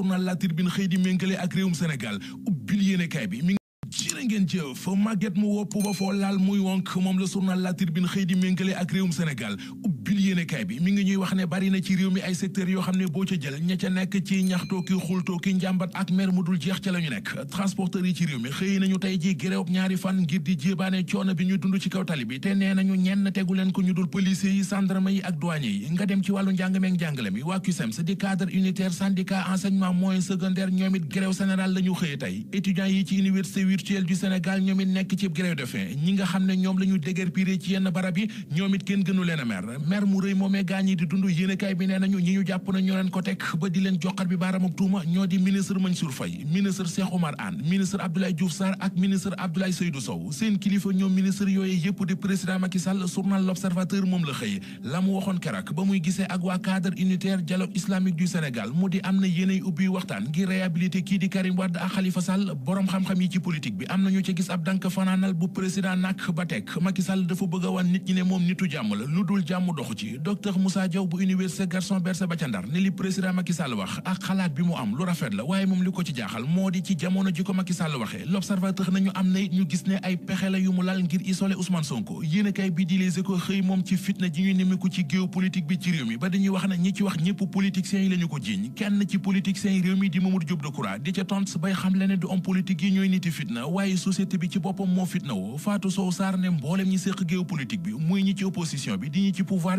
journal La Tribune xëy di méngale ak réewum Sénégal ubbil yéenekaay bi jërë ngeen jëf Maguette mu wopp ba foo laal muy wonk moom la journal La Tribune xëy di méngale ak réewum Sénégal yéenekaay bi mi ngi ñuy wax ne bari na ci réew mi ay secteurs yoo xam ne boo ca jël ña ca nekk ci ñaxtoo ki xultoo njàmbat ak mer mu dul jeex ca la nekk transporteurs yi ci réew mi xëy nañu tey ji gréew ñaari fan ngir di jéebaane coono bi ñu dund ci kaw tali bi te nee nañu ñenn tegu ko ñu dul policiers yi gendarme yi ak douaniers yi nga dem ci wàllu njàng meeg njàngale mi waa CUSEMS di cadre unitaire syndicat enseignement moyen secondaire ñoom it gréew général la mu rëy moomee gaañ yi di dund yéenekaay bi nee nañu ñi ñu jàpp na ñoo leen ko teg ba di leen joxar bi baaraamam tuuma ñoo di ministre Mansour Faye ministre Cheikh Oumar Anne ministre Abdoulaye Diouf ak ministre Abdoulaye Seydou Sow seen kilifa ñoom ministre yooyu yëpp di président Macky Sall journal L'Observateur moom la xëy la mu waxoon keroog ba muy gisee ak waa cadre unitaire dialogue islamique du Sénégal mu di am na yéenay ubbi waxtaan ngir réhabilité kii di Karim Wade ak Khalifa Sall borom xam yi ci politique bi am nañu ci gis ab dank fanaanal bu président nak ba teg Macky Sall dafa bëgg wan nit ne moom nitu jàmm lu dul jàmm doxu ci docteur Moussa Diaw bu université Gaston Berger ba ca Ndar ne li président Macky Sall wax ak xalaat bi mu am lu rafet la waaye moom li ko ci jaaxal moo di ci jamono ji ko Macky Sall waxee l'observateur nañu am na ñu gis ne ay pexe la yu mu lal ngir isolé Ousmane Sonko yéenekaay bi di xëy moom ci fitna ji ñu nimiku ci géopolitique bi ci réew mi ba dañuy wax ne ñi ci wax ñëpp politiciens yi la ko jiiñ kenn ci politiciens yi réew mi di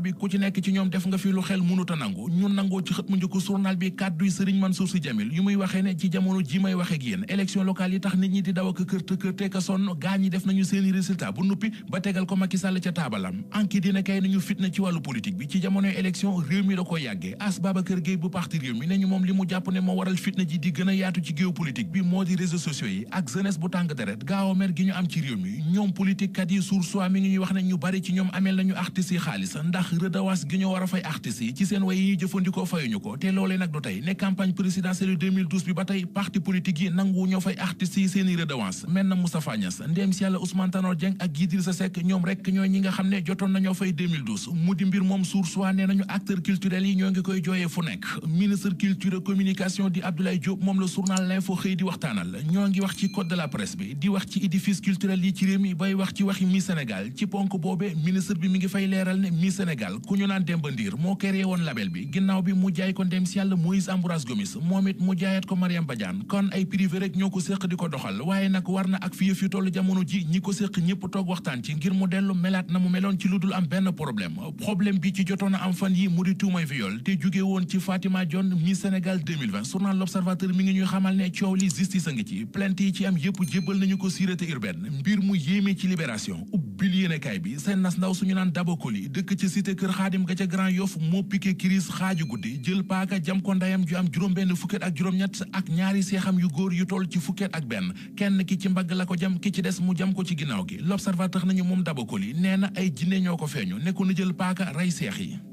Mamadou ku ci nekk ci ñoom def nga fi lu xel mënut a nangu ñu nangoo ci xët mu bi kàdduy Serigne Mansour Sy Djamil yu muy waxee ne ci jamono ji may waxe ak yéen élection locale yi tax nit ñi di daw ak kër te kër te ka sonn gaa ñi def nañu seeni résultat bu nuppi ba tegal ko Macky Sall ca taabalam enquête dina kay nañu fitna ci wàllu politique bi ci jamonoy élection réew mi da ko yàggee as Babacar Gueye bu parti réew mi nañu moom li mu jàpp ne moo waral fitna ji a yaatu ci géopolitique moo di réseaux sociaux yi ak jeunesse wax ne ñu bari ci ñoom amel nañu artistes yi xaalis ndax redevance gi ñu war fay artistes yi ci seen way yi jëfandikoo fayuñu ko te loolee nag du tey ne campagne présidentielle 2012 bi ba tey parti politique yi nangu ñoo fay artistes yi seen i mel na Moustapha Niass ndéem si yàlla Ousmane Tanor Dieng ak Idrissa Seck ñoom rek ñooy ñi nga xam ne jotoon nañoo fay mu di mbir moom source waa nee nañu acteurs culturels yi ñoo ngi koy jooyee fu nekk ministre culture communication di Abdoulaye Diop moom la journal l'info xëy di Sénégal ku ñu naan Demba Ndir moo créé woon label bi ginnaaw bi mu jaay ko ndem si yàlla Moïse Ambroise Gomis moom it mu jaayat ko Mariam Badiane kon ay privé rek ñoo ko séq di ko doxal waaye nag war na ak fi yëf yu tollu jamono ji ñi ko séq ñëpp toog waxtaan ci ngir mu dellu melaat na mu meloon ci lu dul am benn problème problème bi ci jotoon a am fan yi mu di tuumay viol te jóge woon ci Fatima Dione Miss Sénégal 2020 journal L'Observateur mi ngi ñuy xamal ne ko sûreté urbaine mu yéeme ci libération pil yéenekaay bi seen nas ndaw suñu naan dabakoli dëkk ci cité kër xaadim ga ca Grand Yoff moo piqué crise xaaju guddi jël paaka jam ko ndeyam ju am juróom-benn fukket ak juróom-ñett ak ñaari seexam yu góor yu toll ci fukket ak benn kenn ki ci mbagg la ko jam ki ci des mu jam ko ci ginnaaw gi l'observateur nañu moom dabakoli nee na ay jinne ñoo ko feeñu ne ko na jël paaka rey seex yi